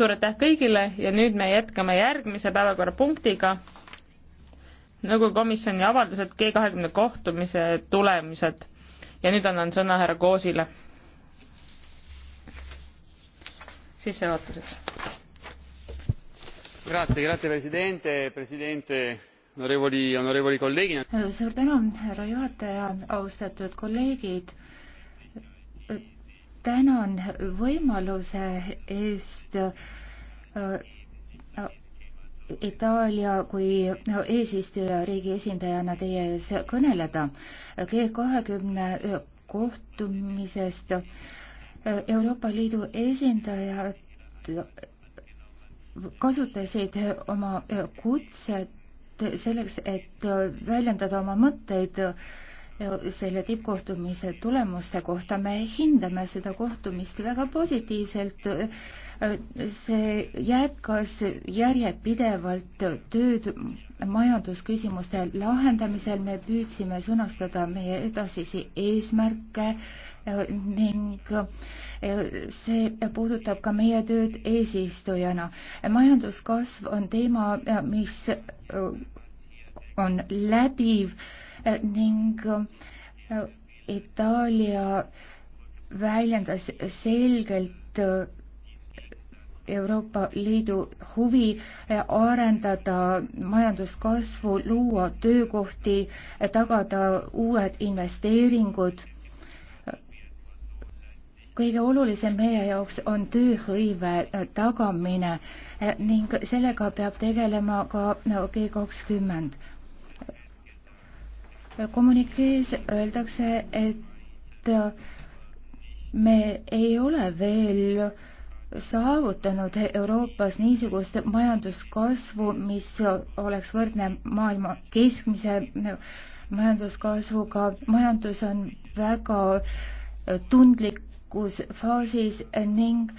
suur aitäh kõigile ja nüüd me jätkame järgmise päevakorrapunktiga, nõukogu komisjoni avaldused G kahekümne kohtumise tulemused. ja nüüd annan sõna härra Koosile. sissejuhatuseks. Grazie, grazie presidente, presidente onorevoli, onorevoli kolleegid. suur tänu, härra juhataja, austatud kolleegid tänan võimaluse eest äh, äh, Itaalia kui eesistujariigi esindajana teie ees kõneleda G20 kohtumisest. Äh, Euroopa Liidu esindajad kasutasid oma kutset selleks, et väljendada oma mõtteid selle tippkohtumise tulemuste kohta. me hindame seda kohtumist väga positiivselt. see jätkas järjepidevalt tööd majandusküsimuste lahendamisel. me püüdsime sõnastada meie edasisi eesmärke ning see puudutab ka meie tööd eesistujana. majanduskasv on teema, mis on läbiv ning äh, Itaalia väljendas selgelt äh, Euroopa Liidu huvi äh, arendada majanduskasvu, luua töökohti, tagada uued investeeringud. kõige olulisem meie jaoks on tööhõive tagamine ning sellega peab tegelema ka G kakskümmend no, kommunikees öeldakse, et äh, me ei ole veel saavutanud Euroopas niisugust majanduskasvu, mis oleks võrdne maailma keskmise majanduskasvuga. majandus on väga tundlikus faasis ning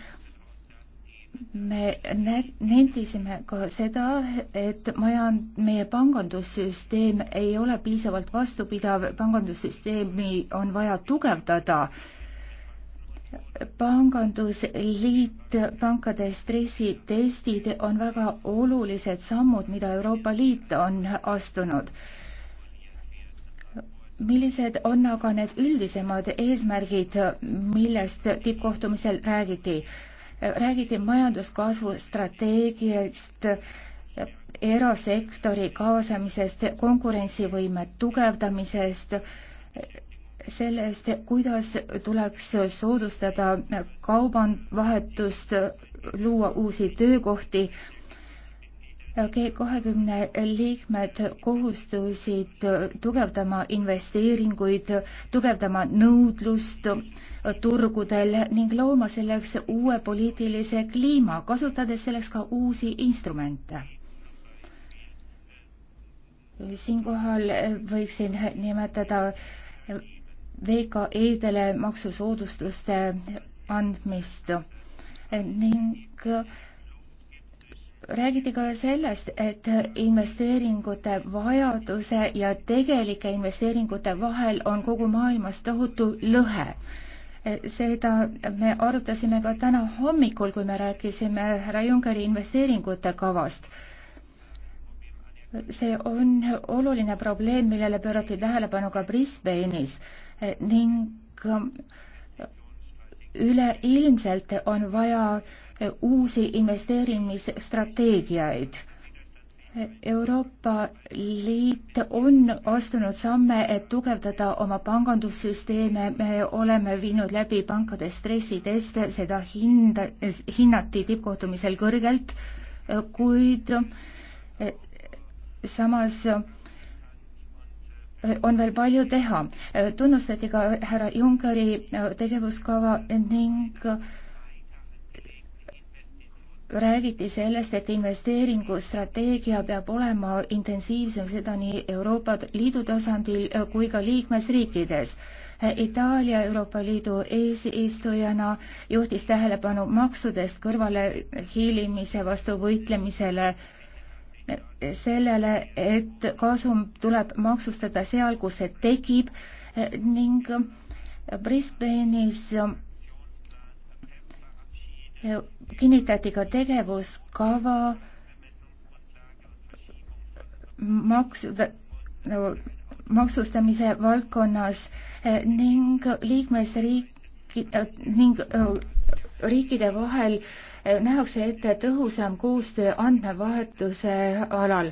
me nentisime ka seda, et majand, meie pangandussüsteem ei ole piisavalt vastupidav, pangandussüsteemi on vaja tugevdada. pangandusliit, pankade stressitestid on väga olulised sammud, mida Euroopa Liit on astunud millised on aga need üldisemad eesmärgid, millest tippkohtumisel räägiti? räägiti majanduskasvu strateegiast, erasektori kaasamisest, konkurentsivõime tugevdamisest, sellest, kuidas tuleks soodustada kaubavahetust, luua uusi töökohti G20 liikmed kohustusid tugevdama investeeringuid, tugevdama nõudlust turgudel ning looma selleks uue poliitilise kliima, kasutades selleks ka uusi instrumente. siinkohal võiksin nimetada VKE-dele maksusoodustuste andmist ning räägiti ka sellest, et investeeringute vajaduse ja tegelike investeeringute vahel on kogu maailmas tohutu lõhe. seda me arutasime ka täna hommikul, kui me rääkisime härra Junckeri investeeringute kavast. see on oluline probleem, millele pöörati tähelepanu ka Brisbane'is ning üleilmselt on vaja uusi investeerimisstrateegiaid. Euroopa Liit on astunud samme, et tugevdada oma pangandussüsteeme, me oleme viinud läbi pankade stressiteste, seda hinda, hinnati tippkohtumisel kõrgelt, kuid samas on veel palju teha. tunnustati ka härra Junckeri tegevuskava ning räägiti sellest, et investeeringustrateegia peab olema intensiivsem, seda nii Euroopa Liidu tasandil äh, kui ka liikmesriikides. Itaalia Euroopa Liidu eesistujana juhtis tähelepanu maksudest kõrvalehiilimise vastu võitlemisele, sellele, et kasum tuleb maksustada seal, kus see tekib äh, ning Brisbane'is kinnitati ka tegevuskava maks, no, maksustamise valdkonnas eh, ning liikmesriik äh, ning äh, riikide vahel eh, nähakse ette tõhusam koostöö andmevahetuse alal.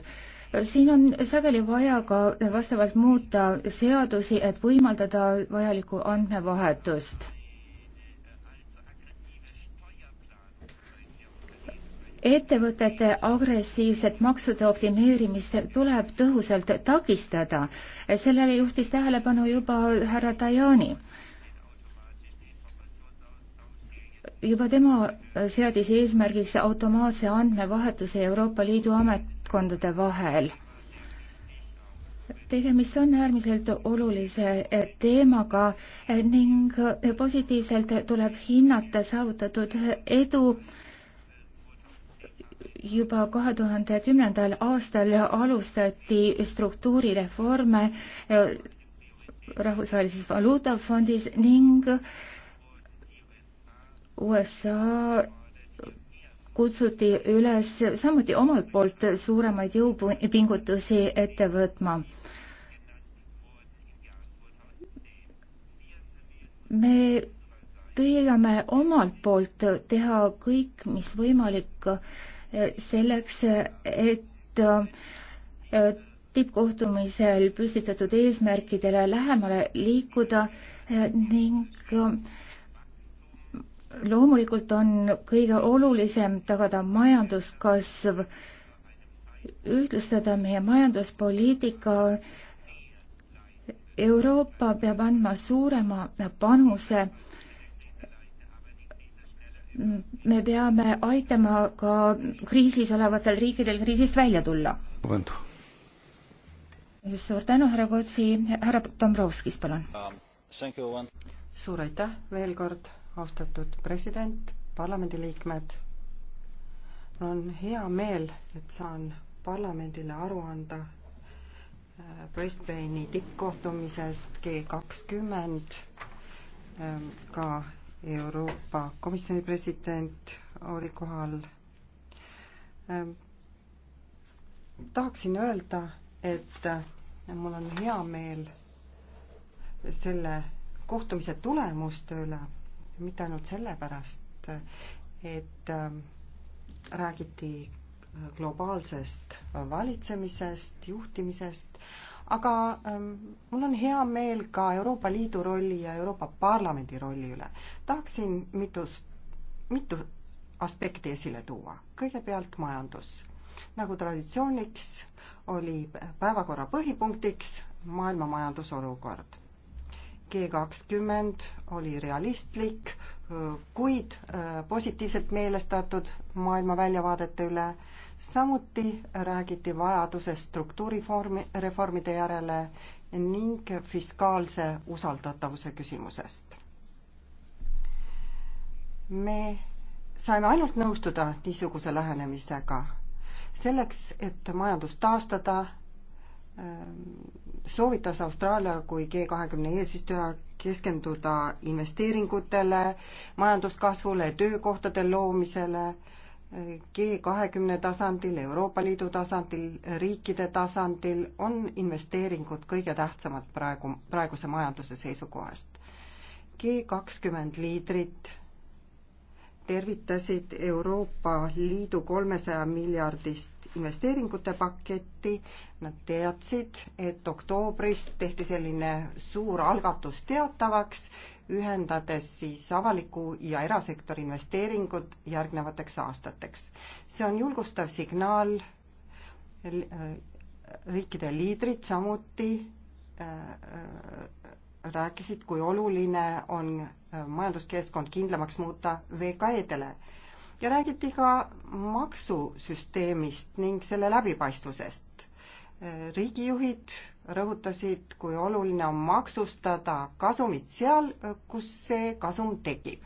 siin on sageli vaja ka vastavalt muuta seadusi, et võimaldada vajalikku andmevahetust ettevõtete agressiivset maksude optimeerimist tuleb tõhusalt takistada. sellele juhtis tähelepanu juba härra Tajani. juba tema seadis eesmärgiks automaatse andmevahetuse Euroopa Liidu ametkondade vahel tegemist on äärmiselt olulise teemaga ning positiivselt tuleb hinnata saavutatud edu juba kahe tuhande kümnendal aastal alustati struktuurireforme eh, rahvusvahelises valuutafondis ning USA kutsuti üles samuti omalt poolt suuremaid jõupingutusi ette võtma. me püüame omalt poolt teha kõik, mis võimalik selleks, et äh, tippkohtumisel püstitatud eesmärkidele lähemale liikuda äh, ning äh, loomulikult on kõige olulisem tagada majanduskasv, ühtlustada meie majanduspoliitika. Euroopa peab andma suurema panuse me peame aitama ka kriisis olevatel riikidel kriisist välja tulla. suur tänu, härra Kotsi, härra Dombrovskis, palun um,. suur aitäh veel kord, austatud president, parlamendiliikmed. mul on hea meel, et saan parlamendile aru anda äh, Brisbane'i tippkohtumisest G kakskümmend ähm, ka Euroopa Komisjoni president oli kohal. Ähm, tahaksin öelda, et äh, mul on hea meel selle kohtumise tulemuste üle, mitte ainult sellepärast, et ähm, räägiti äh, globaalsest valitsemisest, juhtimisest, aga ähm, mul on hea meel ka Euroopa Liidu rolli ja Euroopa Parlamendi rolli üle. tahaksin mitust, mitu aspekti esile tuua. kõigepealt majandus. nagu traditsiooniks, oli päevakorra põhipunktiks maailma majandusolukord. G kakskümmend oli realistlik, kuid äh, positiivselt meelestatud maailma väljavaadete üle samuti räägiti vajadusest struktuuriformi, reformide järele ning fiskaalse usaldatavuse küsimusest. me saime ainult nõustuda niisuguse lähenemisega. selleks, et majandust taastada, ähm, soovitas Austraalia kui G kahekümne eesistuja keskenduda investeeringutele, majanduskasvule, töökohtade loomisele G kahekümne tasandil, Euroopa Liidu tasandil, riikide tasandil on investeeringud kõige tähtsamad praegu, praeguse majanduse seisukohast. G kakskümmend liidrit tervitasid Euroopa Liidu kolmesaja miljardist investeeringute paketti, nad teadsid, et oktoobris tehti selline suur algatus teatavaks, ühendades siis avaliku ja erasektori investeeringud järgnevateks aastateks. see on julgustav signaal, äh, riikide liidrid samuti äh, rääkisid, kui oluline on äh, majanduskeskkond kindlamaks muuta VKE-dele ja räägiti ka maksusüsteemist ning selle läbipaistvusest. riigijuhid rõhutasid, kui oluline on maksustada kasumit seal, kus see kasum tekib.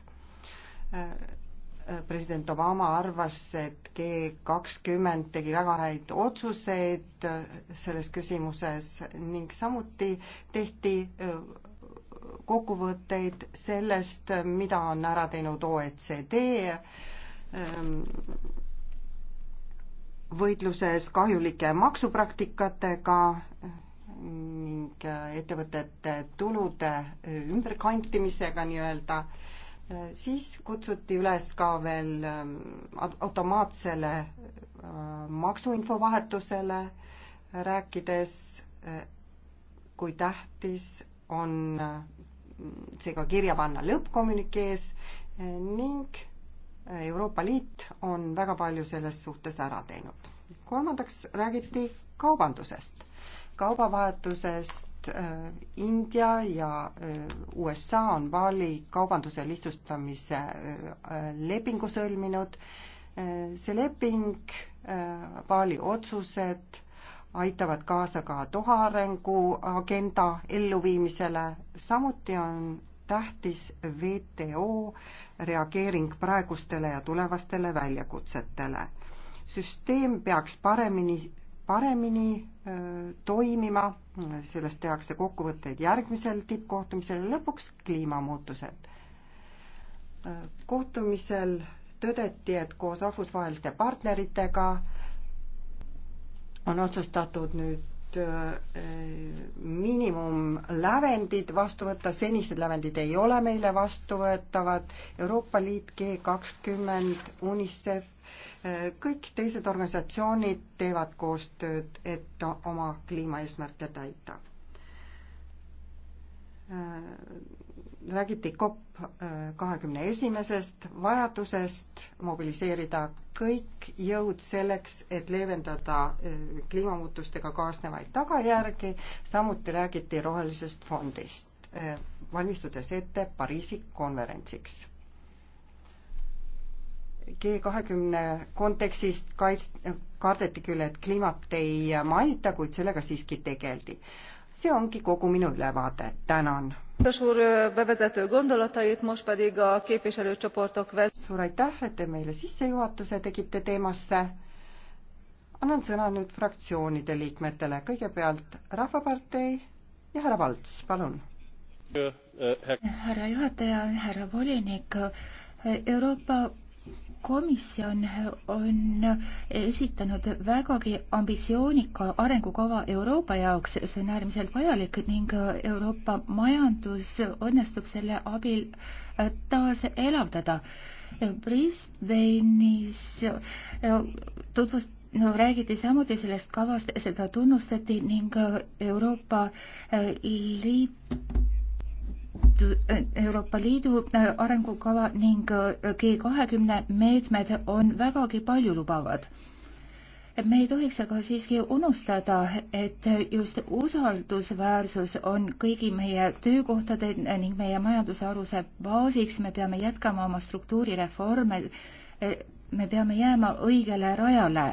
president Obama arvas, et G kakskümmend tegi väga häid otsuseid selles küsimuses ning samuti tehti kokkuvõtteid sellest, mida on ära teinud OECD Ehm, võitluses kahjulike maksupraktikatega eh, ning eh, ettevõtete tulude eh, ümberkantimisega nii-öelda, siis kutsuti üles ka veel ehm, automaatsele maksuinfovahetusele, rääkides, kui tähtis on see ka kirja panna lõppkommünikees ning Euroopa Liit on väga palju selles suhtes ära teinud. kolmandaks räägiti kaubandusest, kaubavahetusest äh, India ja äh, USA on Bali kaubanduse lihtsustamise äh, lepingu sõlminud. see leping, Bali otsused aitavad kaasa ka Doha arengu agenda elluviimisele, samuti on tähtis WTO reageering praegustele ja tulevastele väljakutsetele. süsteem peaks paremini, paremini öö, toimima, sellest tehakse kokkuvõtteid järgmisel tippkohtumisel ja lõpuks kliimamuutused. kohtumisel tõdeti, et koos rahvusvaheliste partneritega on otsustatud nüüd Äh, miinimumlävendid vastu võtta, senised lävendid ei ole meile vastuvõetavad, Euroopa Liit, G kakskümmend, UNICEF, äh, kõik teised organisatsioonid teevad koostööd, et oma kliimaeesmärke täita äh, räägiti COP äh, kahekümne esimesest vajadusest mobiliseerida kõik jõud selleks, et leevendada äh, kliimamuutustega kaasnevaid tagajärgi, samuti räägiti rohelisest fondist, äh, valmistudes ette Pariisi konverentsiks G kahekümne kontekstis kaitst-, kardeti küll, et kliimat ei mainita, kuid sellega siiski tegeldi. see ongi kogu minu ülevaade, tänan. suur aitäh, et te meile sissejuhatuse tegite teemasse. annan sõna nüüd fraktsioonide liikmetele, kõigepealt Rahvapartei ja härra Valts, palun. härra juhataja, härra volinik, Euroopa komisjon on esitanud vägagi ambitsioonika arengukava Euroopa jaoks, see on äärmiselt vajalik ning Euroopa majandus õnnestub selle abil taas elavdada. Brisbane'is tutvust-, no räägiti samuti sellest kavast, seda tunnustati ning Euroopa Liit Liidu, Euroopa Liidu äh, arengukava ning äh, G20 meetmed on vägagi paljulubavad. me ei tohiks aga siiski unustada, et just usaldusväärsus on kõigi meie töökohtade ning meie majandusaluse baasiks, me peame jätkama oma struktuurireforme, me peame jääma õigele rajale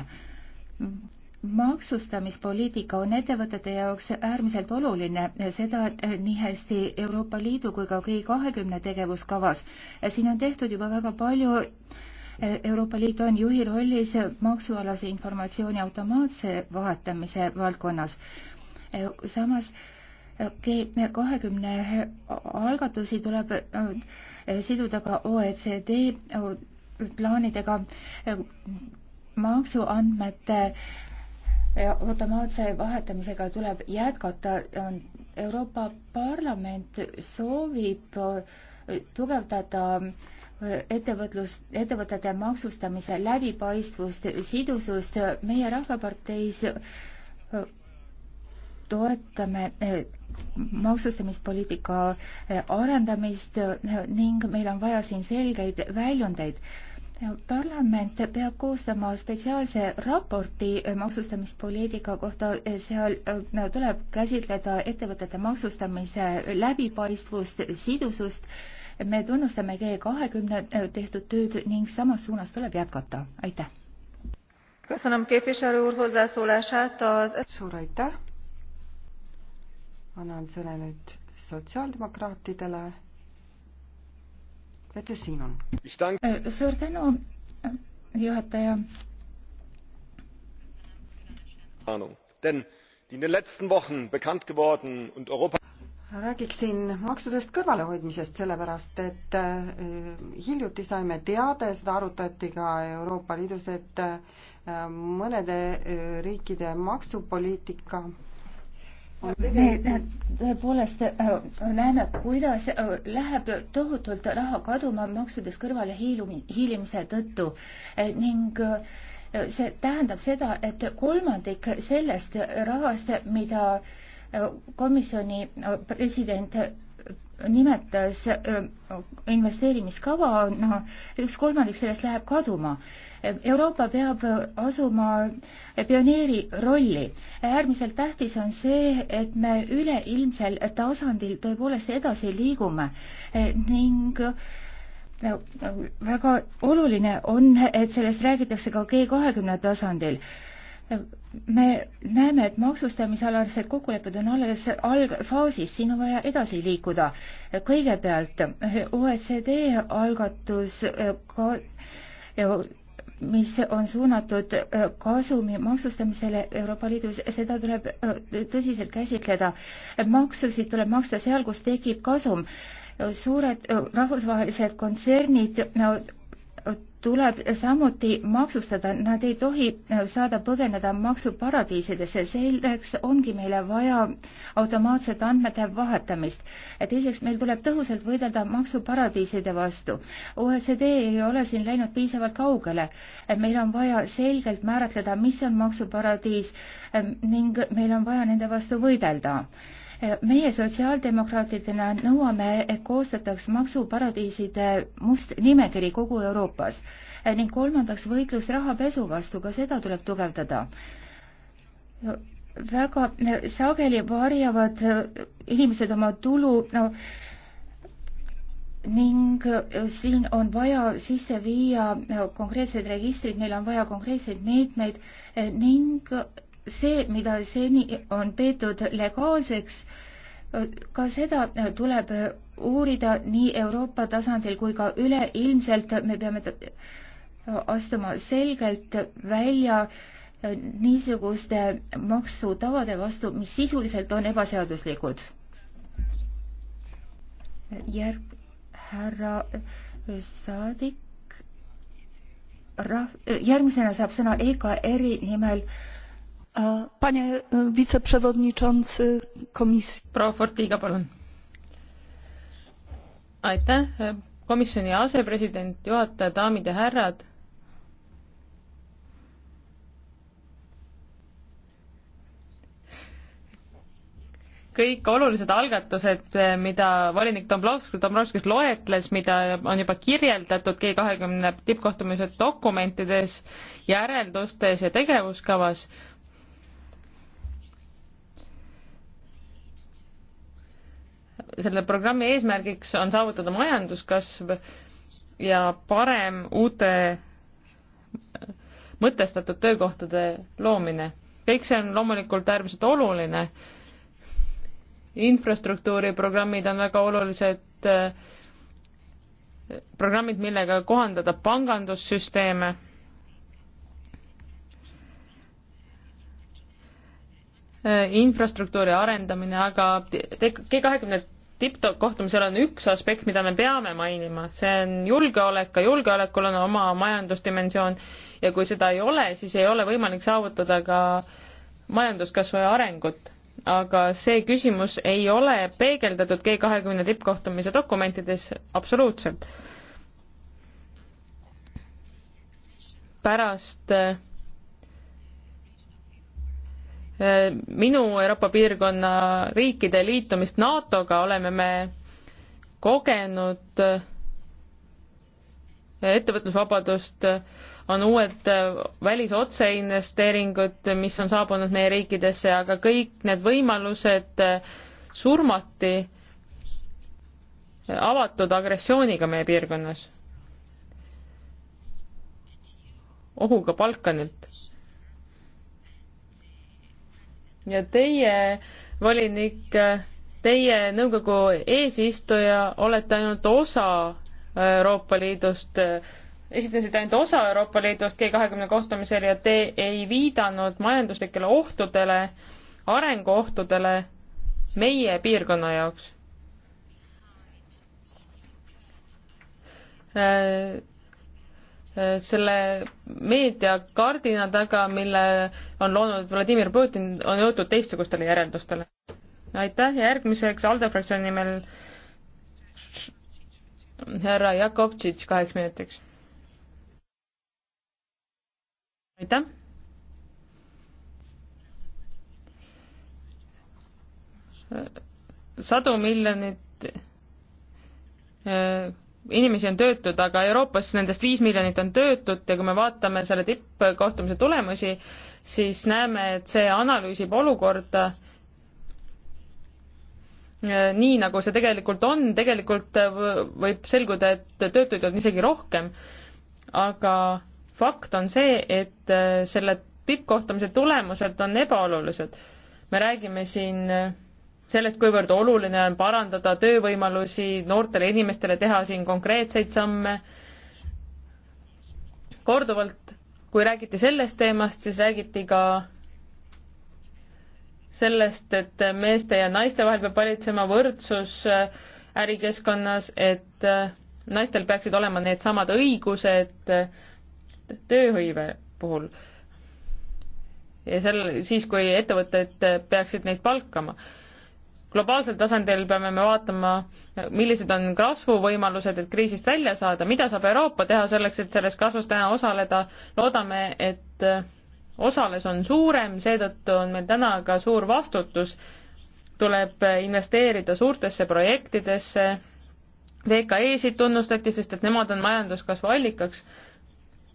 maksustamispoliitika on ettevõtete jaoks äärmiselt oluline, seda nii hästi Euroopa Liidu kui ka G20 tegevuskavas. siin on tehtud juba väga palju Euroopa Liit on juhi rollis maksualase informatsiooni automaatse vahetamise valdkonnas. samas G20 algatusi tuleb siduda ka OECD plaanidega maksuandmete automaatse vahetamisega tuleb jätkata. Euroopa Parlament soovib äh, tugevdada äh, ettevõtlus, ettevõtete maksustamise läbipaistvust, sidusust. meie Rahvaparteis äh, toetame maksustamispoliitika arendamist ning meil on vaja siin selgeid väljundeid parlament peab koostama spetsiaalse raporti eh, maksustamispoliitika kohta, eh, seal eh, tuleb käsitleda ettevõtete maksustamise läbipaistvust, sidusust. me tunnustame G kahekümne tehtud tööd ning samas suunas tuleb jätkata, aitäh. suur aitäh. annan sõna nüüd sotsiaaldemokraatidele Peeter Siimon. Äh, suur tänu, juhataja. Denn in den letzten Wochen bekannt geworden und Europa räägiksin maksudest kõrvalehoidmisest, sellepärast et äh, hiljuti saime teada ja seda arutati ka Euroopa Liidus, et äh, mõnede riikide maksupoliitika me tõepoolest äh, näeme, kuidas äh, läheb tohutult raha kaduma maksudest kõrvale hiilimise tõttu äh, ning see tähendab seda, et kolmandik sellest rahast, mida komisjoni president nimetas investeerimiskava, no üks kolmandik sellest läheb kaduma. Euroopa peab asuma pioneeri rolli. äärmiselt tähtis on see, et me üleilmsel tasandil tõepoolest edasi liigume ning väga oluline on, et sellest räägitakse ka G kahekümne tasandil me näeme, et maksustamisalased kokkulepped on alles algfaasis, siin on vaja edasi liikuda. kõigepealt OECD algatus ka mis on suunatud kasumi maksustamisele Euroopa Liidus, seda tuleb tõsiselt käsitleda. maksusid tuleb maksta seal, kus tekib kasum. suured rahvusvahelised kontsernid no, tuleb samuti maksustada, nad ei tohi äh, saada põgeneda maksuparadiisidesse, selleks ongi meile vaja automaatset andmete vahetamist. teiseks, meil tuleb tõhusalt võidelda maksuparadiiside vastu. OECD ei ole siin läinud piisavalt kaugele. Äh, meil on vaja selgelt määratleda, mis on maksuparadiis äh, ning meil on vaja nende vastu võidelda meie sotsiaaldemokraatidena nõuame, et koostataks maksuparadiiside must nimekiri kogu Euroopas ning kolmandaks võitlus rahapesu vastu, ka seda tuleb tugevdada väga sageli varjavad inimesed oma tulu no, ning siin on vaja sisse viia konkreetsed registrid, meil on vaja konkreetseid meetmeid ning see, mida seni on peetud legaalseks, ka seda tuleb uurida nii Euroopa tasandil kui ka üleilmselt me peame astuma selgelt välja niisuguste maksutavade vastu, mis sisuliselt on ebaseaduslikud. järg, härra saadik, rahv-, järgmisena saab sõna EKR-i nimel panie e, wiceprzewodniczący komisji proua fortiga palun aitäh e, komisjoni asepresident juhataja daamid ja härrad kõik olulised algatused, e, mida volinik Dombrovski, Dombrovskis loetles, mida on juba kirjeldatud G kahekümne tippkohtumise dokumentides, järeldustes ja tegevuskavas, selle programmi eesmärgiks on saavutada majanduskasv ja parem uute mõtestatud töökohtade loomine. kõik see on loomulikult äärmiselt oluline. infrastruktuuriprogrammid on väga olulised eh, programmid, millega kohandada pangandussüsteeme. Eh, infrastruktuuri arendamine, aga G kahekümne tipptop kohtumisel on üks aspekt, mida me peame mainima, see on julgeolek, ka julgeolekul on oma majandusdimensioon ja kui seda ei ole, siis ei ole võimalik saavutada ka majanduskasvu ja arengut. aga see küsimus ei ole peegeldatud G kahekümne tippkohtumise dokumentides absoluutselt. pärast minu Euroopa piirkonna riikide liitumist NATO-ga oleme me kogenud ettevõtlusvabadust, on uued välisotseinvesteeringud, mis on saabunud meie riikidesse, aga kõik need võimalused surmati avatud agressiooniga meie piirkonnas. ohuga Balkanilt ja teie volinik, teie nõukogu eesistuja olete ainult osa Euroopa Liidust, esitasid ainult osa Euroopa Liidust G kahekümne kohtumisel ja te ei viidanud majanduslikele ohtudele, arenguohtudele meie piirkonna jaoks Äh, selle meediakardina taga, mille on loonud Vladimir Putin, on jõutud teistsugustele järeldustele. aitäh ja järgmiseks ALDE fraktsiooni nimel härra Jakovtšitš kaheks minutiks. aitäh. Äh, sadu miljonit äh, inimesi on töötud, aga Euroopas nendest viis miljonit on töötut ja kui me vaatame selle tippkohtumise tulemusi, siis näeme, et see analüüsib olukorda äh, nii, nagu see tegelikult on, tegelikult äh, võib selguda, et töötuid on isegi rohkem, aga fakt on see, et äh, selle tippkohtumise tulemused on ebaolulised. me räägime siin sellest, kuivõrd oluline on parandada töövõimalusi noortele inimestele, teha siin konkreetseid samme. korduvalt, kui räägiti sellest teemast, siis räägiti ka sellest, et meeste ja naiste vahel peab valitsema võrdsus äh, ärikeskkonnas, et äh, naistel peaksid olema needsamad õigused äh, tööhõive puhul. ja seal, siis, kui ettevõtted peaksid neid palkama globaalsel tasandil peame me vaatama, millised on kasvuvõimalused, et kriisist välja saada, mida saab Euroopa teha selleks, et selles kasvus täna osaleda. loodame, et osales on suurem, seetõttu on meil täna ka suur vastutus. tuleb investeerida suurtesse projektidesse. VKE-sid tunnustati, sest et nemad on majanduskasvu allikaks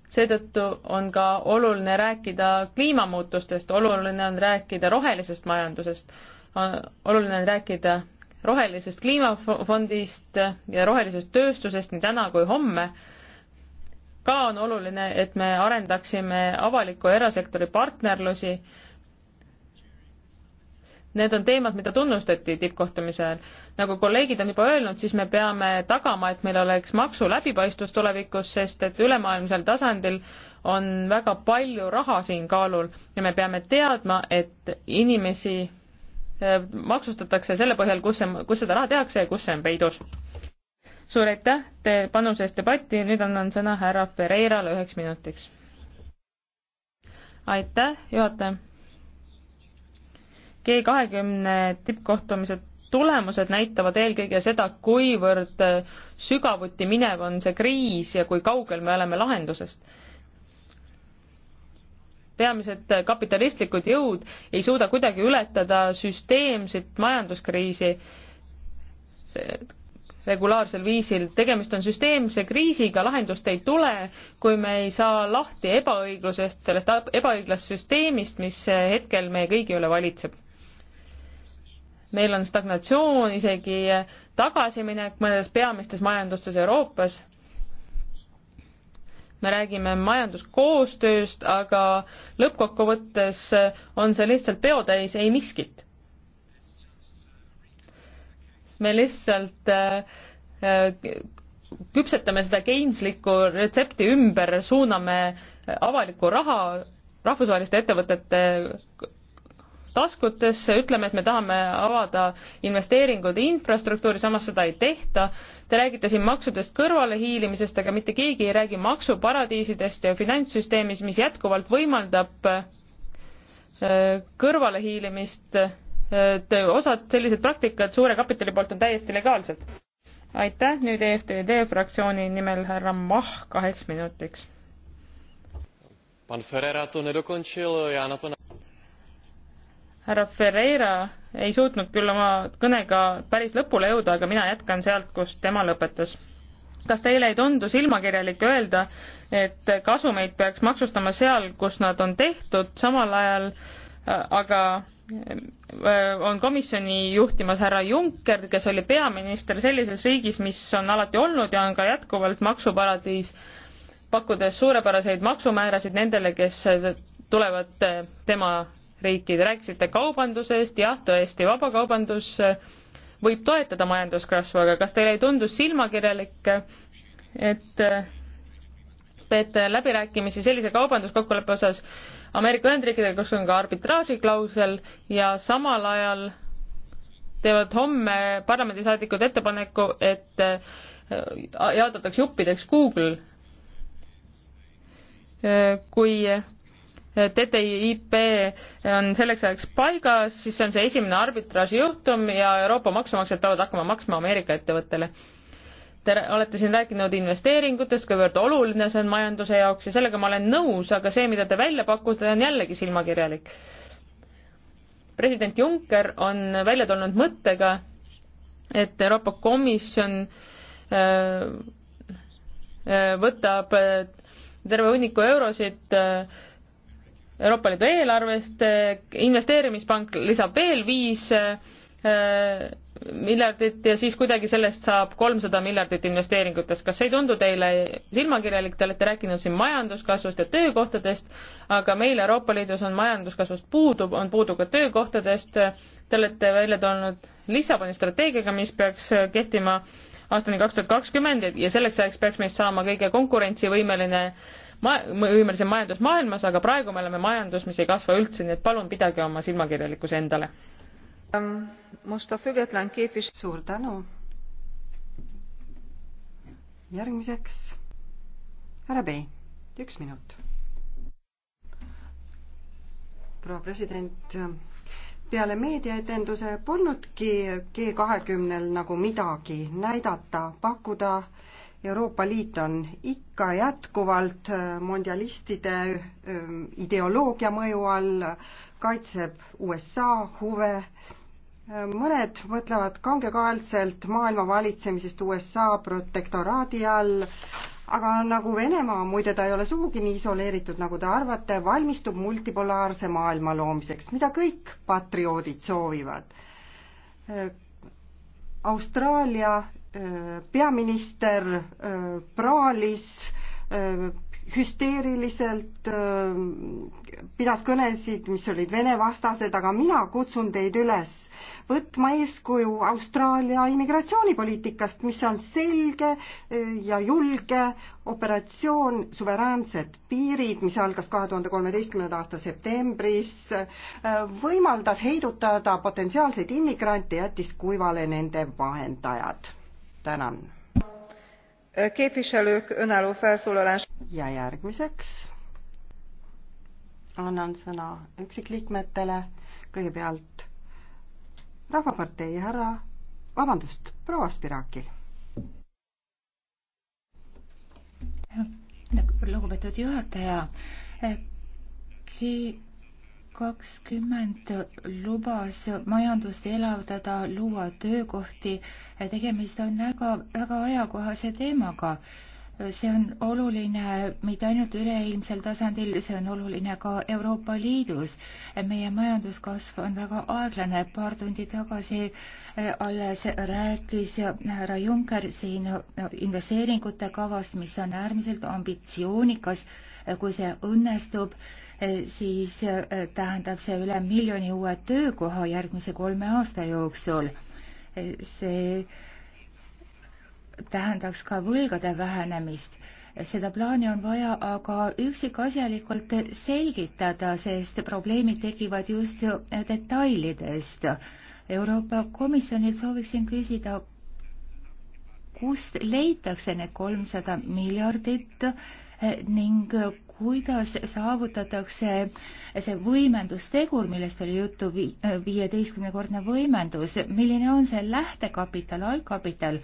seetõttu on ka oluline rääkida kliimamuutustest, oluline on rääkida rohelisest majandusest, oluline on rääkida rohelisest kliimafondist ja rohelisest tööstusest nii täna kui homme. ka on oluline, et me arendaksime avaliku ja erasektori partnerlusi. Need on teemad, mida tunnustati tippkohtumise ajal. nagu kolleegid on juba öelnud, siis me peame tagama, et meil oleks maksu läbipaistvus tulevikus, sest et ülemaailmsel tasandil on väga palju raha siin kaalul ja me peame teadma, et inimesi Äh, maksustatakse selle põhjal, kus see, kus seda raha tehakse ja kus see on peidus. suur aitäh teie panuse eest debatti, nüüd annan sõna härra Pereirale üheks minutiks. aitäh, juhataja. G kahekümne tippkohtumise tulemused näitavad eelkõige seda, kuivõrd sügavuti minev on see kriis ja kui kaugel me oleme lahendusest peamised kapitalistlikud jõud ei suuda kuidagi ületada süsteemset majanduskriisi regulaarsel viisil. tegemist on süsteemse kriisiga, lahendust ei tule, kui me ei saa lahti ebaõiglusest, sellest ebaõiglast süsteemist, mis hetkel meie kõigi üle valitseb. meil on stagnatsioon, isegi tagasiminek mõnedes peamistes majandustes Euroopas me räägime majanduskoostööst, aga lõppkokkuvõttes on see lihtsalt peotäis ei miskit. me lihtsalt äh, küpsetame seda Keyneslikku retsepti ümber, suuname avalikku raha rahvusvaheliste ettevõtete taskutesse, ütleme, et me tahame avada investeeringud infrastruktuuri, samas seda ei tehta. Te räägite siin maksudest kõrvalehiilimisest, aga mitte keegi ei räägi maksuparadiisidest ja finantssüsteemis, mis jätkuvalt võimaldab äh, kõrvalehiilimist. Äh, osad sellised praktikad suure kapitali poolt on täiesti legaalsed. aitäh, nüüd EFTD fraktsiooni nimel härra Mah kaheks minutiks. Pan Ferreira to nedokončil, já na to härra Ferreira ei suutnud küll oma kõnega päris lõpule jõuda, aga mina jätkan sealt, kus tema lõpetas. kas teile ei tundu silmakirjalik öelda, et kasumeid peaks maksustama seal, kus nad on tehtud, samal ajal äh, aga äh, on komisjoni juhtimas härra Juncker, kes oli peaminister sellises riigis, mis on alati olnud ja on ka jätkuvalt maksuparadiis, pakkudes suurepäraseid maksumäärasid nendele, kes tulevad äh, tema riiki, te rääkisite kaubandusest, jah, tõesti, vabakaubandus äh, võib toetada majanduskasvu, aga kas teile ei tundu silmakirjalik, et äh, peete läbirääkimisi sellise kaubanduskokkuleppe osas Ameerika Ühendriikidega, kus on ka arbitraažiklausel ja samal ajal teevad homme parlamendisaadikud ettepaneku, et äh, jaotatakse juppideks Google. kui TTIP on selleks ajaks paigas, siis see on see esimene arbitraažijuhtum ja Euroopa maksumaksjad peavad hakkama maksma Ameerika ettevõttele. Te olete siin rääkinud investeeringutest, kuivõrd oluline see on majanduse jaoks ja sellega ma olen nõus, aga see, mida te välja pakute, on jällegi silmakirjalik. president Juncker on välja tulnud mõttega, et Euroopa Komisjon äh, äh, võtab äh, terve hunniku eurosid äh, Euroopa Liidu eelarvest, investeerimispank lisab veel viis äh, miljardit ja siis kuidagi sellest saab kolmsada miljardit investeeringutest. kas ei tundu teile silmakirjalik, te olete rääkinud siin majanduskasvust ja töökohtadest, aga meil Euroopa Liidus on majanduskasvust puudu, on puudu ka töökohtadest. Te olete välja toonud Lissaboni strateegiaga, mis peaks kehtima aastani kaks tuhat kakskümmend ja selleks ajaks peaks meist saama kõige konkurentsivõimeline äh, ma-, võimelisem majandus maailmas, aga praegu me oleme majandus, mis ei kasva üldse, nii et palun pidage oma silmakirjalikkuse endale. Um, suur tänu. järgmiseks härra Bey, üks minut. proua president peale meediaetenduse polnudki G kahekümnel nagu midagi näidata, pakkuda Euroopa Liit on ikka jätkuvalt äh, mondialistide ähm, ideoloogia mõju all, kaitseb USA huve. Äh, mõned mõtlevad kangekaelselt maailma valitsemisest USA protektoraadi all, aga nagu Venemaa, muide ta ei ole sugugi nii isoleeritud, nagu te arvate, valmistub multipolaarse maailma loomiseks, mida kõik patrioodid soovivad. Äh, Austraalia peaminister äh, praalis äh, hüsteeriliselt, äh, pidas kõnesid, mis olid venevastased, aga mina kutsun teid üles võtma eeskuju Austraalia immigratsioonipoliitikast, mis on selge ja julge operatsioon Suveräänsed piirid, mis algas kahe tuhande kolmeteistkümnenda aasta septembris, võimaldas heidutada potentsiaalseid immigrante, jättis kuivale nende vahendajad tänan. ja järgmiseks annan sõna üksikliikmetele, kõigepealt Rahvapartei härra, vabandust, proua Spiraki. lugupeetud juhataja, ki-, kakskümmend lubas majandust elavdada, luua töökohti. tegemist on väga, väga ajakohase teemaga. see on oluline mitte ainult üleilmsel tasandil, see on oluline ka Euroopa Liidus. meie majanduskasv on väga aeglane. paar tundi tagasi eh, alles rääkis härra Juncker siin investeeringute kavast, mis on äärmiselt ambitsioonikas, eh, kui see õnnestub Eh, siis eh, tähendab see üle miljoni uue töökoha järgmise kolme aasta jooksul. Eh, see tähendaks ka võlgade vähenemist. seda plaani on vaja aga üksikasjalikult selgitada, sest probleemid tekivad just detailidest. Euroopa Komisjonilt sooviksin küsida, kust leitakse need kolmsada miljardit ning kuidas saavutatakse see võimendustegur, millest oli juttu, viieteistkümnekordne võimendus, milline on see lähtekapital, algkapital?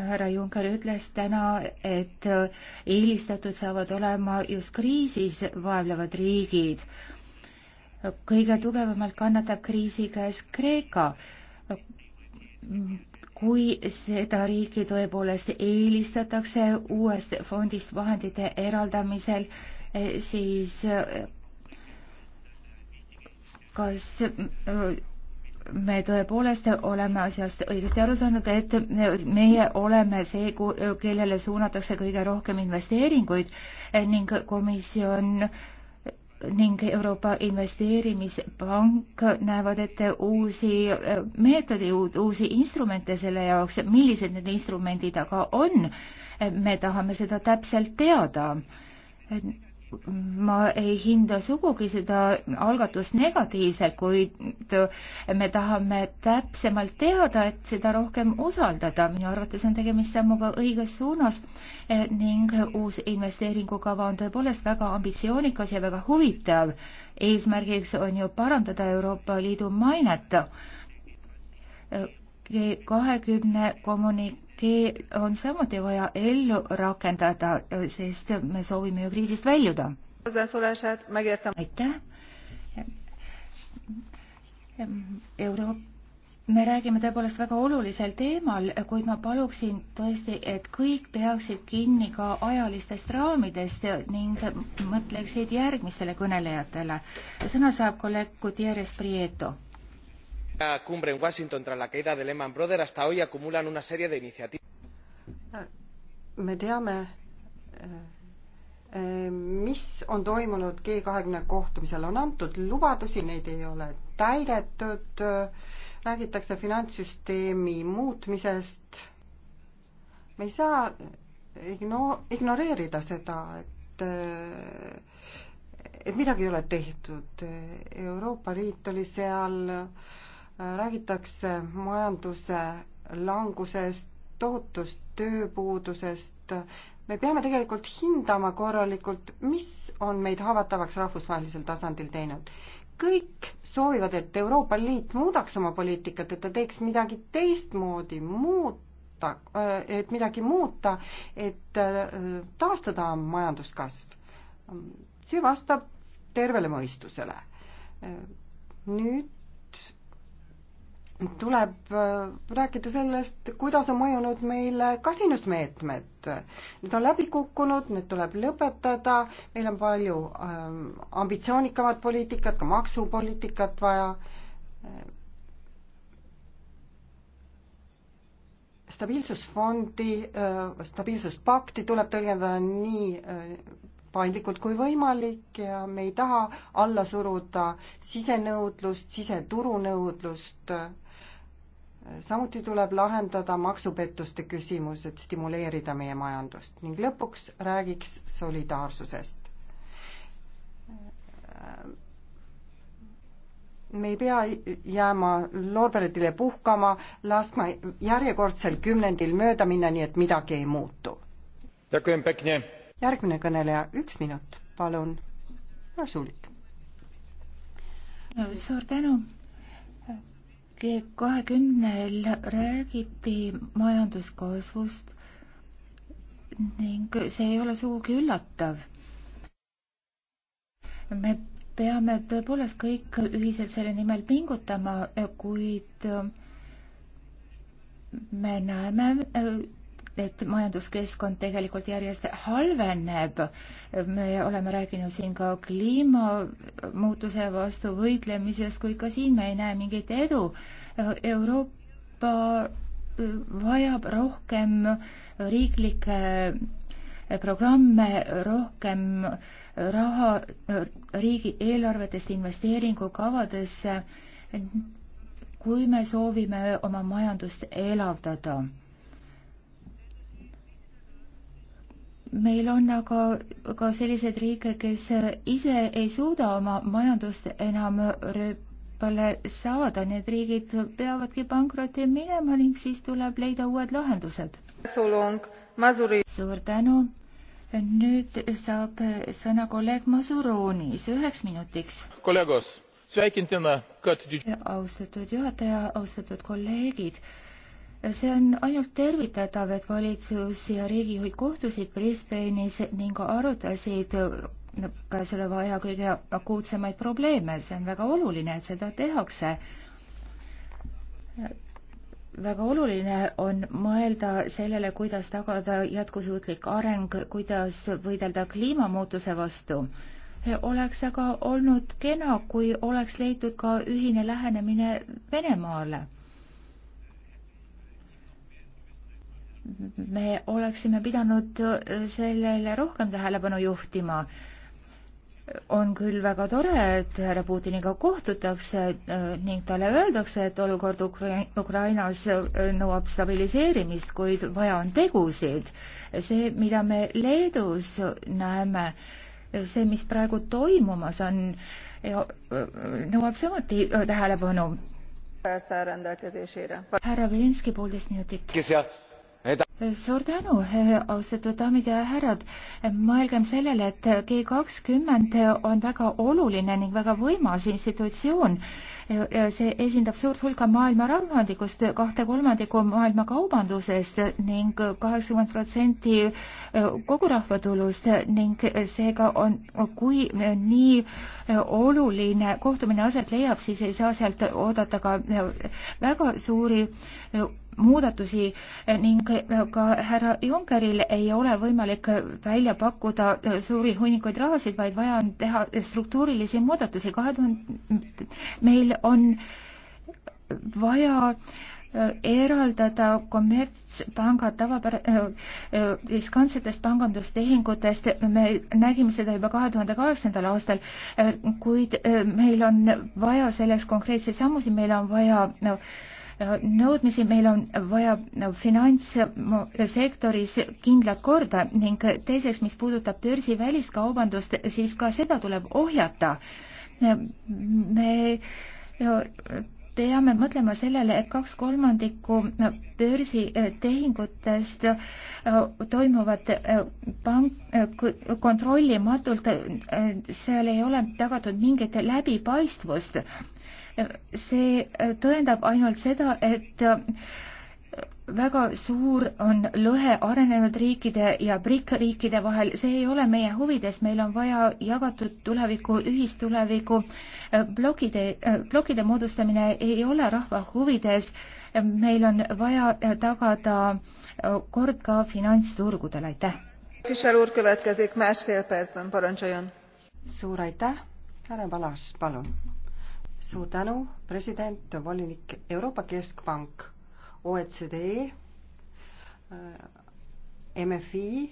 härra Juncker ütles täna, et eelistatud saavad olema just kriisis vaevlevad riigid. kõige tugevamalt kannatab kriisi käes Kreeka kui seda riiki tõepoolest eelistatakse uuest fondist vahendite eraldamisel, eh, siis eh, kas eh, me tõepoolest oleme asjast õigesti aru saanud, et meie oleme see, kellele suunatakse kõige rohkem investeeringuid ning komisjon ning Euroopa Investeerimispank näevad ette uusi eh, meetodi, uusi instrumente selle jaoks, millised need instrumendid aga on. me tahame seda täpselt teada ma ei hinda sugugi seda algatust negatiivselt, kuid me tahame täpsemalt teada, et seda rohkem usaldada. minu arvates on tegemist sammuga õiges suunas eh, ning uus investeeringukava on tõepoolest väga ambitsioonikas ja väga huvitav. eesmärgiks on ju parandada Euroopa Liidu mainet. Eh, G kahekümne kommunik-, on samuti vaja ellu rakendada, sest me soovime ju kriisist väljuda. aitäh. Euro-, me räägime tõepoolest väga olulisel teemal, kuid ma paluksin tõesti, et kõik peaksid kinni ka ajalistest raamidest ning mõtleksid järgmistele kõnelejatele. sõna saab kolleeg Gutierrez Prieto la cumbre en washington tras la caída de lehman brothers hasta hoy acumulan una serie de iniciativas. Ah, me teame eh, eh, mis on toimunud G kahekümne kohtumisel, on antud lubadusi, neid ei ole täidetud, räägitakse finantssüsteemi muutmisest. me ei saa igno-, ignoreerida seda, et et midagi ei ole tehtud. Euroopa Liit oli seal äh, räägitakse majanduse langusest, tohutust tööpuudusest, me peame tegelikult hindama korralikult, mis on meid haavatavaks rahvusvahelisel tasandil teinud. kõik soovivad, et Euroopa Liit muudaks oma poliitikat, et ta teeks midagi teistmoodi, muuta, äh, et midagi muuta, et äh, taastada majanduskasv. see vastab tervele mõistusele. Äh, nüüd tuleb äh, rääkida sellest, kuidas on mõjunud meile kasinusmeetmed. Need on läbi kukkunud, need tuleb lõpetada, meil on palju ähm, ambitsioonikamat poliitikat, ka maksupoliitikat vaja. stabiilsusfondi äh,, stabiilsuspakti tuleb tõlgendada nii äh, paindlikult kui võimalik ja me ei taha alla suruda sisenõudlust, siseturu nõudlust äh, samuti tuleb lahendada maksupettuste küsimus, et stimuleerida meie majandust ning lõpuks räägiks solidaarsusest. me ei pea jääma loorberitele puhkama, laskma järjekordsel kümnendil mööda minna, nii et midagi ei muutu. järgmine kõneleja, üks minut, palun. Suur tänu G kahekümnel räägiti majanduskasvust ning see ei ole sugugi üllatav. me peame tõepoolest kõik ühiselt selle nimel pingutama, kuid me näeme et majanduskeskkond tegelikult järjest halveneb. me oleme rääkinud siin ka kliimamuutuse vastu võitlemisest, kuid ka siin me ei näe mingit edu. Euroopa äh, vajab rohkem riiklikke äh, programme, rohkem äh, raha riigieelarvetest investeeringukavadesse, kui me soovime oma majandust elavdada meil on aga ka selliseid riike, kes ise ei suuda oma majandust enam rööpale saada, need riigid peavadki pankrotti minema ning siis tuleb leida uued lahendused. suur tänu. nüüd saab sõna kolleeg Masuronis üheks minutiks. kolleegos, sveikintina, kad. austatud juhataja, austatud kolleegid see on ainult tervitatav, et valitsus ja riigijuhid kohtusid Brisbane'is ning arutasid käesoleva aja kõige akuutsemaid probleeme, see on väga oluline, et seda tehakse väga oluline on mõelda sellele, kuidas tagada jätkusuutlik areng, kuidas võidelda kliimamuutuse vastu. oleks aga olnud kena, kui oleks leitud ka ühine lähenemine Venemaale me oleksime pidanud äh, sellele rohkem tähelepanu juhtima. on küll väga tore, et härra Putiniga kohtutakse äh, ning talle öeldakse, et olukord Ukra Ukrainas äh, nõuab stabiliseerimist, kuid vaja on tegusid. see, mida me Leedus näeme, see, mis praegu toimumas on, nõuab samuti tähelepanu. härra Vilinski, poolteist minutit suur tänu, eh, austatud daamid ja härrad. mõelgem sellele, et G kakskümmend on väga oluline ning väga võimas institutsioon. see esindab suurt hulka maailma rahvandikust, kahte kolmandikku maailma kaubandusest ning kaheksakümmend protsenti eh, kogu rahvatulust ning seega on, kui nii eh, oluline kohtumine aset leiab, siis ei saa sealt oodata ka väga suuri muudatusi eh, ning eh, ka härra Junckeril ei ole võimalik välja pakkuda eh, suuri hunnikuid rahasid, vaid vaja on teha struktuurilisi muudatusi. kahe tuhande, meil on vaja eraldada kommertspangad tavapär- äh,, riskantsetest pangandustehingutest, me nägime seda juba kahe tuhande kaheksandal aastal äh,, kuid äh, meil on vaja selleks konkreetseid sammusid, meil on vaja no, äh, nõudmisi, meil on vaja finantssektoris kindlat korda ning teiseks, mis puudutab börsivälist kaubandust, siis ka seda tuleb ohjata. me ja, peame mõtlema sellele, et kaks kolmandikku börsitehingutest äh, toimuvad äh, pank äh, kontrollimatult, seal ei ole tagatud mingit läbipaistvust. see tõendab ainult seda, et väga suur on lõhe arenenud riikide ja BRIC riikide vahel, see ei ole meie huvides, meil on vaja jagatud tuleviku, ühistuleviku, blokide, blokide moodustamine ei ole rahva huvides, meil on vaja tagada kord ka finantsturgudel, aitäh. suur aitäh, härra Palas, palun. suur tänu, president, volinik, Euroopa Keskpank OECD, äh, MFI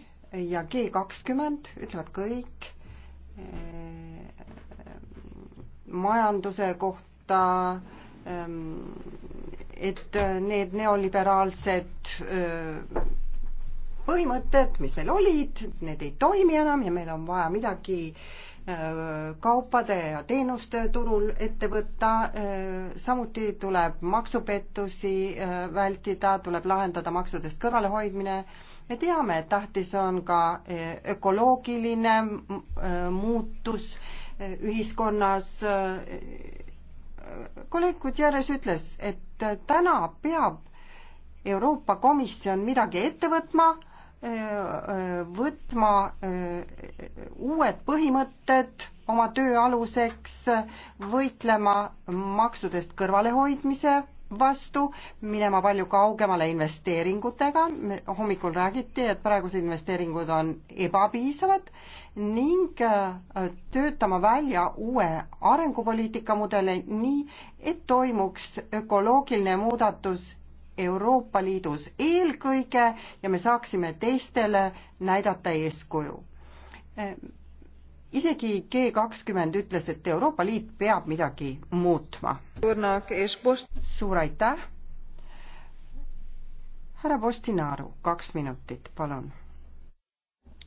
ja G kakskümmend ütlevad kõik äh, majanduse kohta, ähm, et need neoliberaalsed äh, põhimõtted, mis meil olid, need ei toimi enam ja meil on vaja midagi äh, kaupade ja teenuste turul ette võtta, samuti tuleb maksupettusi äh, vältida, tuleb lahendada maksudest kõrvalehoidmine. me teame, et tähtis on ka äh, ökoloogiline äh, muutus ühiskonnas. kolleeg Gutierrez ütles, et täna peab Euroopa Komisjon midagi ette võtma võtma uued põhimõtted oma töö aluseks, võitlema maksudest kõrvalehoidmise vastu, minema palju kaugemale investeeringutega, hommikul räägiti, et praegused investeeringud on ebapiisavad, ning töötama välja uue arengupoliitika mudeli nii, et toimuks ökoloogiline muudatus Euroopa Liidus eelkõige ja me saaksime teistele näidata eeskuju. Eh, isegi G kakskümmend ütles, et Euroopa Liit peab midagi muutma. suur aitäh. härra Postinaru, kaks minutit, palun.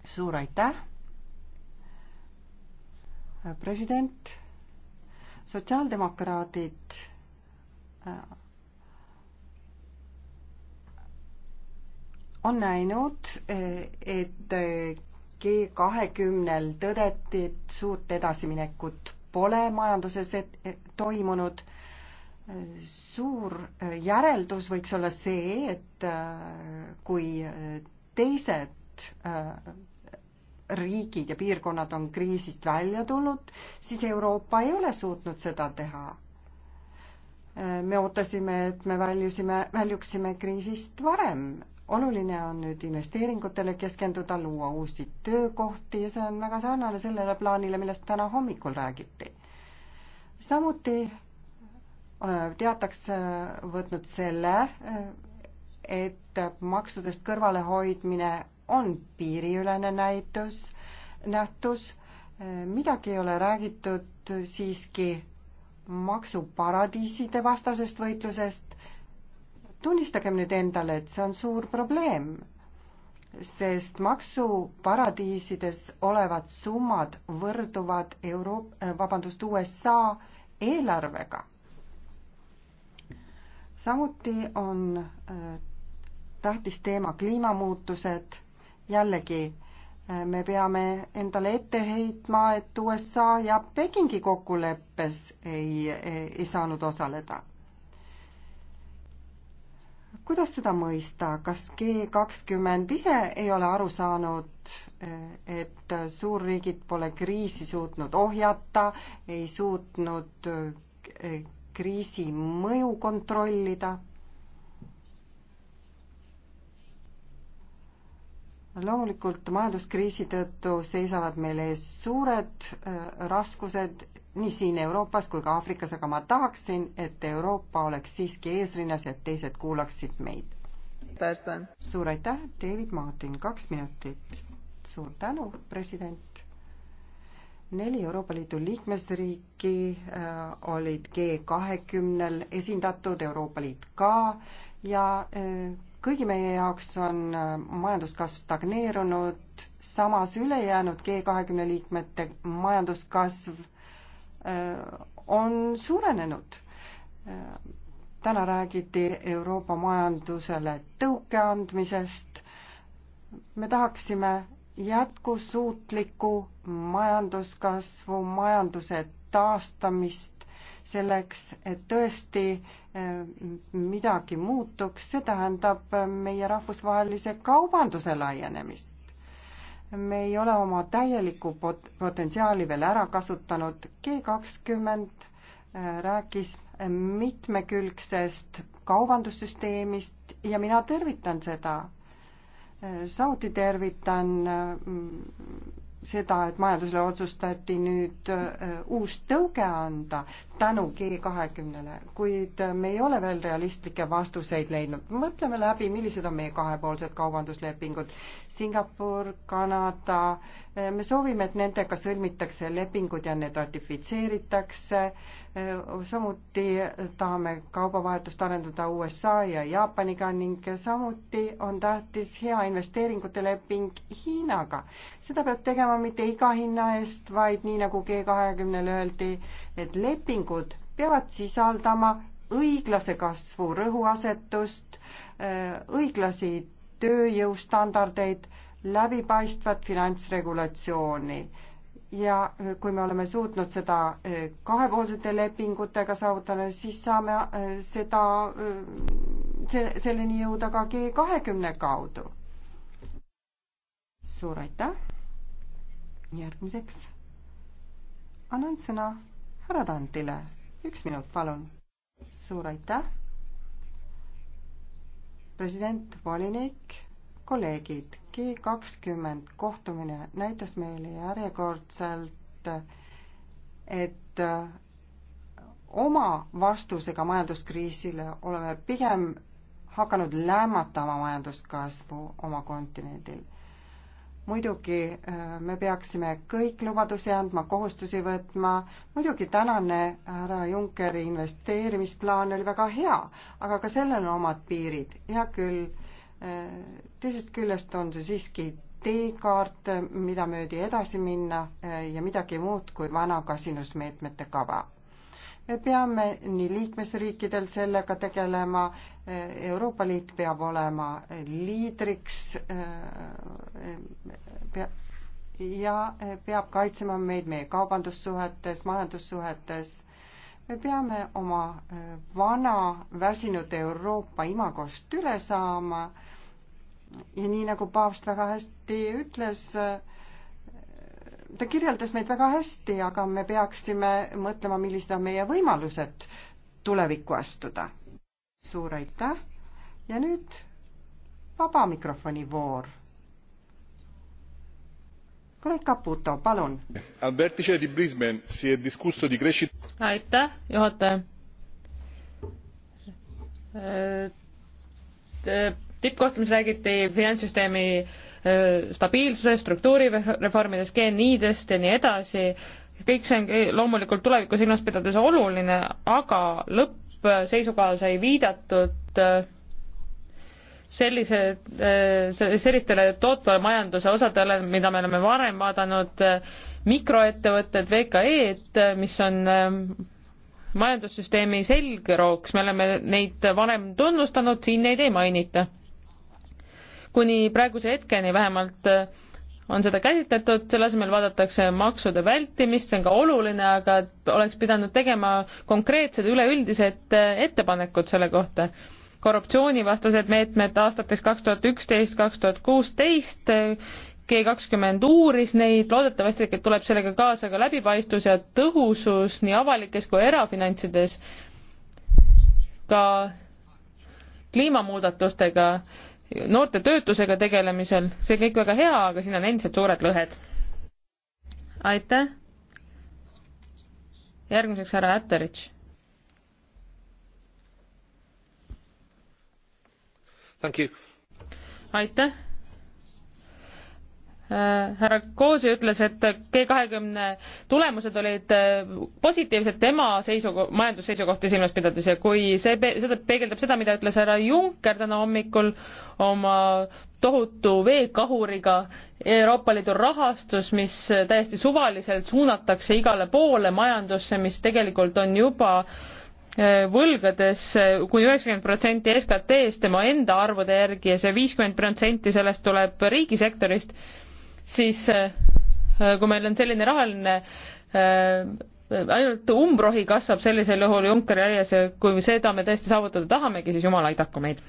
suur aitäh. president, sotsiaaldemokraadid äh, on näinud, et G kahekümnel tõdeti, et suurt edasiminekut pole majanduses e-, toimunud. suur järeldus võiks olla see, et äh, kui teised äh, riigid ja piirkonnad on kriisist välja tulnud, siis Euroopa ei ole suutnud seda teha. Äh, me ootasime, et me väljusime, väljuksime kriisist varem oluline on nüüd investeeringutele keskenduda, luua uusi töökohti ja see on väga sarnane sellele plaanile, millest täna hommikul räägiti. samuti äh, teataks äh, võtnud selle, äh, et maksudest kõrvalehoidmine on piiriülene näitus, nähtus, midagi ei ole räägitud siiski maksuparadiiside vastasest võitlusest, tunnistagem nüüd endale, et see on suur probleem, sest maksuparadiisides olevad summad võrduvad Euro-, äh, vabandust, USA eelarvega. samuti on äh, tähtis teema kliimamuutused, jällegi äh, me peame endale ette heitma, et USA ja Pekingi kokkuleppes ei, ei, ei saanud osaleda kuidas seda mõista, kas G kakskümmend ise ei ole aru saanud, et suurriigid pole kriisi suutnud ohjata, ei suutnud eh, kriisi mõju kontrollida? loomulikult majanduskriisi tõttu seisavad meil ees suured eh, raskused nii siin Euroopas kui ka Aafrikas, aga ma tahaksin, et Euroopa oleks siiski eesrinnas ja teised kuulaksid meid. suur aitäh, David Martin, kaks minutit. suur tänu, president. neli Euroopa Liidu liikmesriiki äh, olid G kahekümnel esindatud, Euroopa Liit ka ja äh, kõigi meie jaoks on äh, majanduskasv stagneerunud, samas ülejäänud G kahekümne liikmete majanduskasv Äh, on suurenenud. Äh, täna räägiti Euroopa majandusele tõuke andmisest. me tahaksime jätkusuutlikku majanduskasvu, majanduse taastamist selleks, et tõesti äh, midagi muutuks, see tähendab meie rahvusvahelise kaubanduse laienemist me ei ole oma täielikku pot-, potentsiaali veel ära kasutanud. G kakskümmend äh, rääkis mitmekülgsest kaubandussüsteemist ja mina tervitan seda. Äh, samuti tervitan äh, seda, et majandusele otsustati nüüd uus tõuge anda tänu G kahekümnele, kuid me ei ole veel realistlikke vastuseid leidnud. mõtleme läbi, millised on meie kahepoolsed kaubanduslepingud. Singapur, Kanada, me soovime, et nendega sõlmitakse lepingud ja need ratifitseeritakse. samuti tahame kaubavahetust arendada USA ja Jaapaniga ning samuti on tähtis hea investeeringute leping Hiinaga. seda peab tegema mitte iga hinna eest, vaid nii nagu G kahekümnel öeldi, et leping lepingud peavad sisaldama õiglase kasvu rõhuasetust, äh, õiglasi tööjõustandardeid, läbipaistvat finantsregulatsiooni ja kui me oleme suutnud seda äh, kahepoolsete lepingutega saavutada, siis saame äh, seda, selleni jõuda ka G kahekümne kaudu. suur aitäh. järgmiseks annan sõna härra Tantile. üks minut, palun. suur aitäh. president, volinik, kolleegid, G kakskümmend kohtumine näitas meile järjekordselt, et äh, oma vastusega majanduskriisile oleme pigem hakanud lämmatama majanduskasvu oma kontinendil muidugi äh, me peaksime kõik lubadusi andma, kohustusi võtma, muidugi tänane härra Junckeri investeerimisplaan oli väga hea, aga ka sellel on omad piirid, hea küll, äh, teisest küljest on see siiski teekaart, äh, mida möödi edasi minna ja midagi muud kui vana kasinusmeetmete kava me peame nii liikmesriikidel sellega tegelema, Euroopa Liit peab olema liidriks eh, ja peab kaitsema meid meie kaubandussuhetes, majandussuhetes. me peame oma eh, vana väsinud Euroopa imagost üle saama ja nii nagu paavst väga hästi ütles, eh, ta kirjeldas meid väga hästi, aga me peaksime mõtlema, millised on meie võimalused tulevikku astuda. suur aitäh ja nüüd vaba mikrofoni voor. kolleeg Caputo, palun. aitäh, juhataja äh, äh, tippkohtumis räägiti finantssüsteemi Äh, stabiilsuse, struktuurireformidest, geniidest ja nii edasi, kõik see on loomulikult tulevikku silmas pidades oluline, aga lõppseisukohal sai viidatud äh, sellise, äh, sellistele tootvale majanduse osadele, mida me oleme varem vaadanud, mikroettevõtted, VKE-d, mis on majandussüsteemi selgrooks, me oleme neid varem tunnustanud, siin neid ei mainita kuni praeguse hetkeni vähemalt äh, on seda käsitletud, selle asemel vaadatakse maksude vältimist, see on ka oluline, aga oleks pidanud tegema konkreetsed üleüldised äh, ettepanekud selle kohta. korruptsioonivastased meetmed aastateks kaks tuhat üksteist, kaks tuhat kuusteist, äh, G kakskümmend uuris neid, loodetavasti tuleb sellega kaasa ka läbipaistvus ja tõhusus nii avalikes kui erafinantsides, ka kliimamuudatustega noorte töötusega tegelemisel, see kõik väga hea, aga siin on endiselt suured lõhed. aitäh. järgmiseks härra Äterich. aitäh Äh, härra Koosi ütles, et G kahekümne tulemused olid äh, positiivsed tema seisuko-, majandusseisukohti silmas pidades ja kui see pe-, seda peegeldab seda, mida ütles härra Juncker täna hommikul oma tohutu veekahuriga Euroopa Liidu rahastus, mis täiesti suvaliselt suunatakse igale poole majandusse, mis tegelikult on juba äh, võlgades kuni üheksakümmend protsenti SKT-st tema enda arvude järgi ja see viiskümmend protsenti sellest tuleb riigisektorist siis äh, kui meil on selline rahaline äh, ainult umbrohi kasvab sellisel juhul Junckeri aias ja kui seda me tõesti saavutada tahamegi, siis jumal aidaku meid.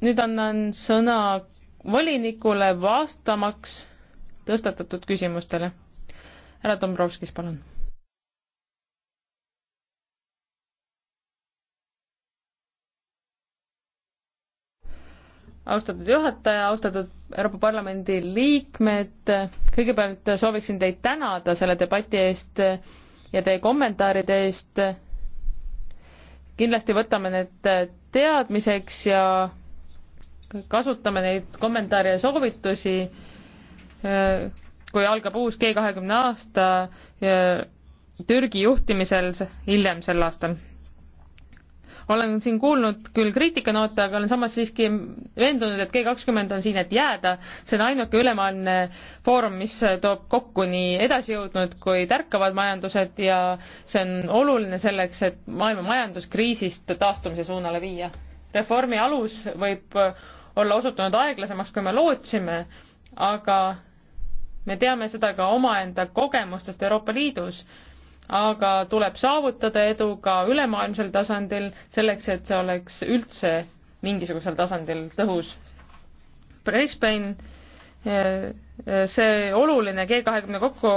nüüd annan sõna volinikule vastamaks tõstatatud küsimustele. härra Dombrovskis, palun austatud juhataja, austatud Euroopa Parlamendi liikmed, kõigepealt sooviksin teid tänada selle debati eest ja teie kommentaaride eest. kindlasti võtame need teadmiseks ja kasutame neid kommentaare ja soovitusi, kui algab uus G kahekümne aasta Türgi juhtimisel hiljem sel aastal olen siin kuulnud küll kriitikanoote, aga olen samas siiski veendunud, et G kakskümmend on siin, et jääda. see on ainuke ülemaailmne foorum, mis toob kokku nii edasijõudnud kui tärkavad majandused ja see on oluline selleks, et maailma majanduskriisist taastumise suunale viia. reformi alus võib olla osutunud aeglasemaks, kui me lootsime, aga me teame seda ka omaenda kogemustest Euroopa Liidus aga tuleb saavutada edu ka ülemaailmsel tasandil, selleks et see oleks üldse mingisugusel tasandil tõhus. Brisbane, eh, eh, see oluline G kahekümne kokku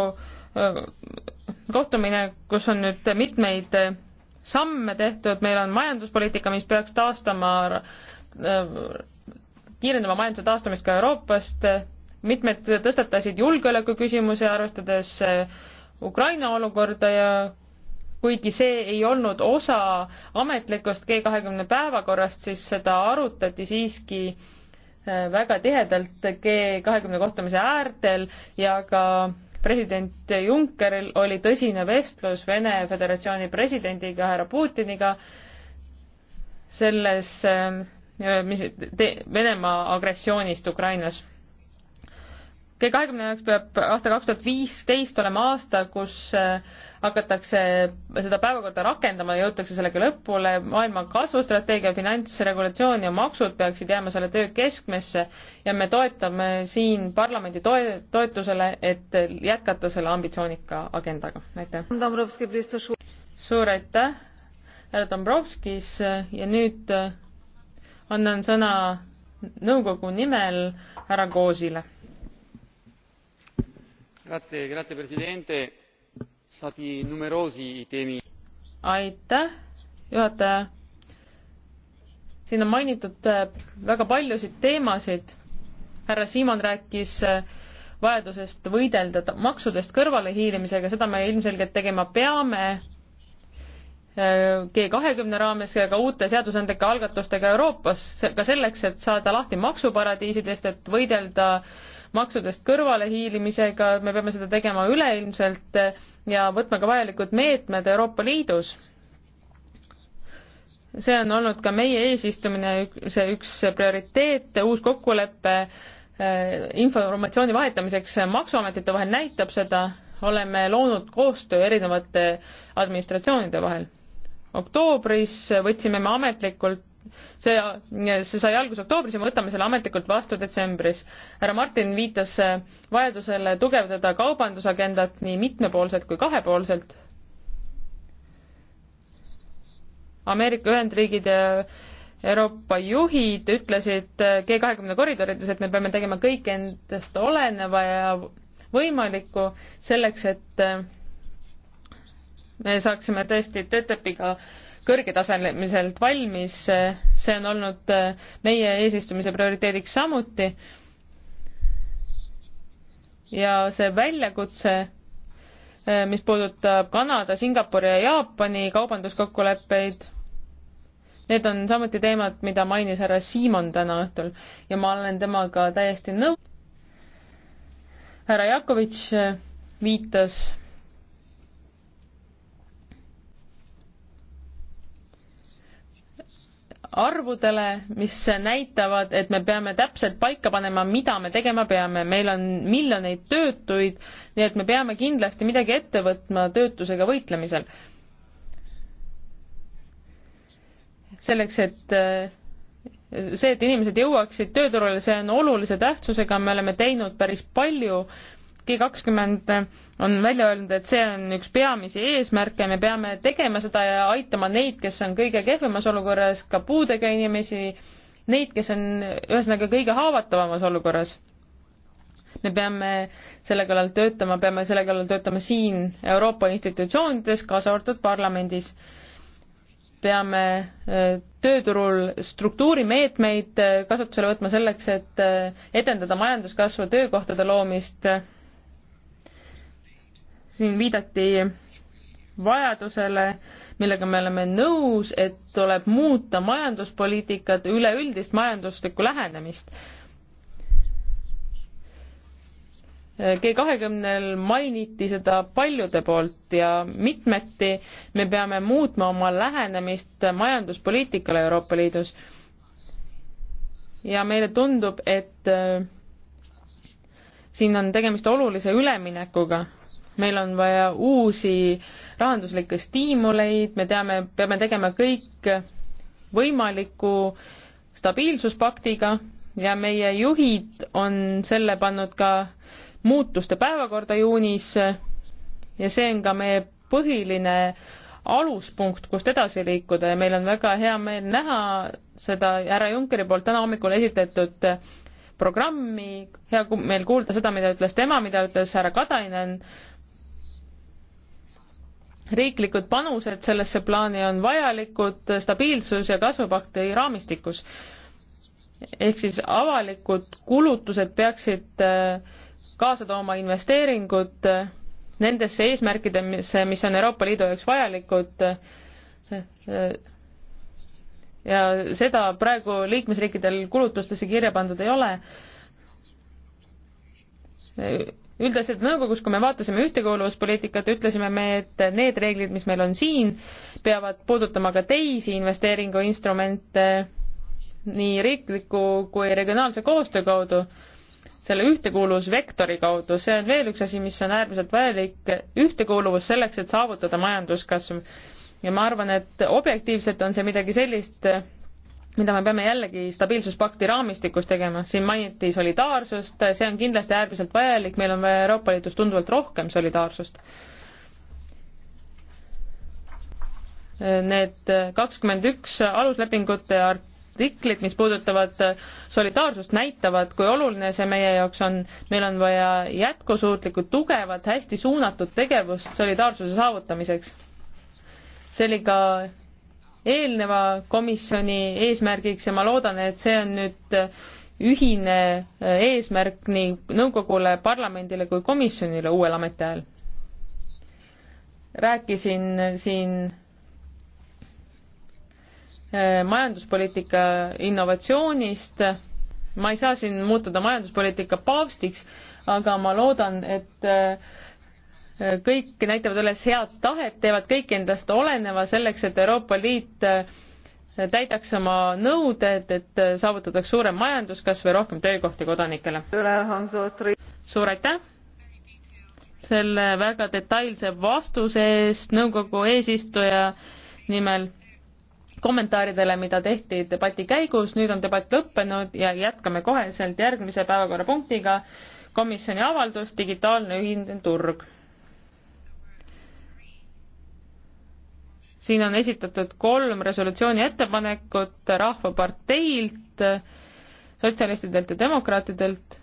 eh, kohtumine, kus on nüüd mitmeid samme tehtud, meil on majanduspoliitika, mis peaks taastama, kiirendama majanduse taastamist ka Euroopast, mitmed tõstatasid julgeoleku küsimuse, arvestades äh, Ukraina olukorda ja kuigi see ei olnud osa ametlikust G kahekümne päevakorrast, siis seda arutati siiski äh, väga tihedalt G kahekümne kohtumise äärtel ja ka president Junckeril oli tõsine vestlus Vene Föderatsiooni presidendiga härra Putiniga selles äh, Venemaa agressioonist Ukrainas G kahekümne jaoks peab aasta kaks tuhat viisteist olema aasta, kus äh, hakatakse seda päevakorda rakendama, jõutakse sellega lõpule, maailma kasvustrateegia, finantsregulatsioon ja maksud peaksid jääma selle töö keskmesse ja me toetame siin parlamendi toe-, toetusele, et jätkata selle ambitsioonika agendaga. aitäh! suur aitäh, härra Dombrovskis ja nüüd äh, annan sõna nõukogu nimel härra Koosile signor presidente aitäh juhataja! siin on mainitud äh, väga paljusid teemasid. härra simon rääkis äh, vajadusest võidelda maksudest kõrvalehiilimisega seda me ilmselgelt tegema peame äh, G kahekümne raames ja ka uute seadusandlike algatustega Euroopas ka selleks, et saada lahti maksuparadiisidest, et võidelda äh, maksudest kõrvalehiilimisega, me peame seda tegema üleilmselt ja võtma ka vajalikud meetmed Euroopa Liidus. see on olnud ka meie eesistumine, see üks prioriteete, uus kokkulepe äh, informatsiooni vahetamiseks Maksuametite vahel näitab seda, oleme loonud koostöö erinevate administratsioonide vahel. oktoobris võtsime me ametlikult see, see sai alguse oktoobris ja me võtame selle ametlikult vastu detsembris. härra Martin viitas äh, vajadusele tugevdada kaubandusagendat nii mitmepoolselt kui kahepoolselt. Ameerika Ühendriigid ja Euroopa juhid ütlesid äh, G kahekümne koridorides, et me peame tegema kõik endast oleneva ja võimaliku selleks, et äh, me saaksime tõesti TTIP-iga kõrgetasemeliselt valmis, see on olnud äh, meie eesistumise prioriteediks samuti. ja see väljakutse, äh, mis puudutab Kanada, Singapuri ja Jaapani kaubanduskokkuleppeid, need on samuti teemad, mida mainis härra Siimon täna õhtul ja ma olen temaga täiesti nõus. härra Jakovitš äh, viitas arvudele, mis näitavad, et me peame täpselt paika panema, mida me tegema peame. meil on miljoneid töötuid, nii et me peame kindlasti midagi ette võtma töötusega võitlemisel. selleks, et see, et inimesed jõuaksid tööturule, see on olulise tähtsusega, me oleme teinud päris palju G kakskümmend on välja öelnud, et see on üks peamisi eesmärke, me peame tegema seda ja aitama neid, kes on kõige kehvemas olukorras, ka puudega inimesi, neid, kes on ühesõnaga kõige haavatavamas olukorras. me peame selle kallal töötama, peame selle kallal töötama siin Euroopa institutsioonides, kaasa arvatud parlamendis. peame äh, tööturul struktuurimeetmeid äh, kasutusele võtma selleks, et äh, edendada majanduskasvu, töökohtade loomist siin viidati vajadusele, millega me oleme nõus, et tuleb muuta majanduspoliitikat, üleüldist majanduslikku lähenemist. G kahekümnel mainiti seda paljude poolt ja mitmeti me peame muutma oma lähenemist majanduspoliitikale Euroopa Liidus. ja meile tundub, et äh, siin on tegemist olulise üleminekuga meil on vaja uusi rahanduslikke stiimuleid, me teame, peame tegema kõik võimaliku stabiilsuspaktiga ja meie juhid on selle pannud ka muutuste päevakorda juunis ja see on ka meie põhiline aluspunkt, kust edasi liikuda ja meil on väga hea meel näha seda härra Junckeri poolt täna hommikul esitletud programmi, hea meel kuulda seda, mida ütles tema, mida ütles härra Katainen, riiklikud panused sellesse plaani on vajalikud stabiilsus- ja kasvupakti raamistikus. ehk siis avalikud kulutused peaksid äh, kaasa tooma investeeringud äh, nendesse eesmärkidesse, mis on Euroopa Liidu jaoks vajalikud äh, ja seda praegu liikmesriikidel kulutustesse kirja pandud ei ole üldiselt nõukogus, kui me vaatasime ühtekuuluvuspoliitikat, ütlesime me, et need reeglid, mis meil on siin, peavad puudutama ka teisi investeeringuinstrumente nii riikliku kui regionaalse koostöö kaudu, selle ühtekuuluvusvektori kaudu, see on veel üks asi, mis on äärmiselt vajalik, ühtekuuluvus selleks, et saavutada majanduskasv. ja ma arvan, et objektiivselt on see midagi sellist, mida me peame jällegi stabiilsuspakti raamistikus tegema, siin mainiti solidaarsust, see on kindlasti äärmiselt vajalik, meil on vaja Euroopa Liidus tunduvalt rohkem solidaarsust. Need kakskümmend üks aluslepingute artiklit, mis puudutavad solidaarsust, näitavad, kui oluline see meie jaoks on. meil on vaja jätkusuutlikku, tugevat, hästi suunatud tegevust solidaarsuse saavutamiseks. see oli ka eelneva komisjoni eesmärgiks ja ma loodan, et see on nüüd ühine äh, eesmärk nii nõukogule, parlamendile kui komisjonile uuel ametiajal. rääkisin äh, siin äh, majanduspoliitika innovatsioonist, ma ei saa siin muutuda majanduspoliitika paavstiks, aga ma loodan, et kõik näitavad üles head tahet, teevad kõik endast oleneva selleks, et Euroopa Liit äh, täidaks oma nõuded, et äh, saavutataks suurem majanduskasv ja rohkem töökohti kodanikele. suur aitäh selle väga detailse vastuse eest nõukogu eesistuja nimel kommentaaridele, mida tehti debati käigus, nüüd on debatt lõppenud ja jätkame koheselt järgmise päevakorrapunktiga, komisjoni avaldus, digitaalne ühine turg siin on esitatud kolm resolutsiooni ettepanekut Rahvaparteilt, sotsialistidelt ja demokraatidelt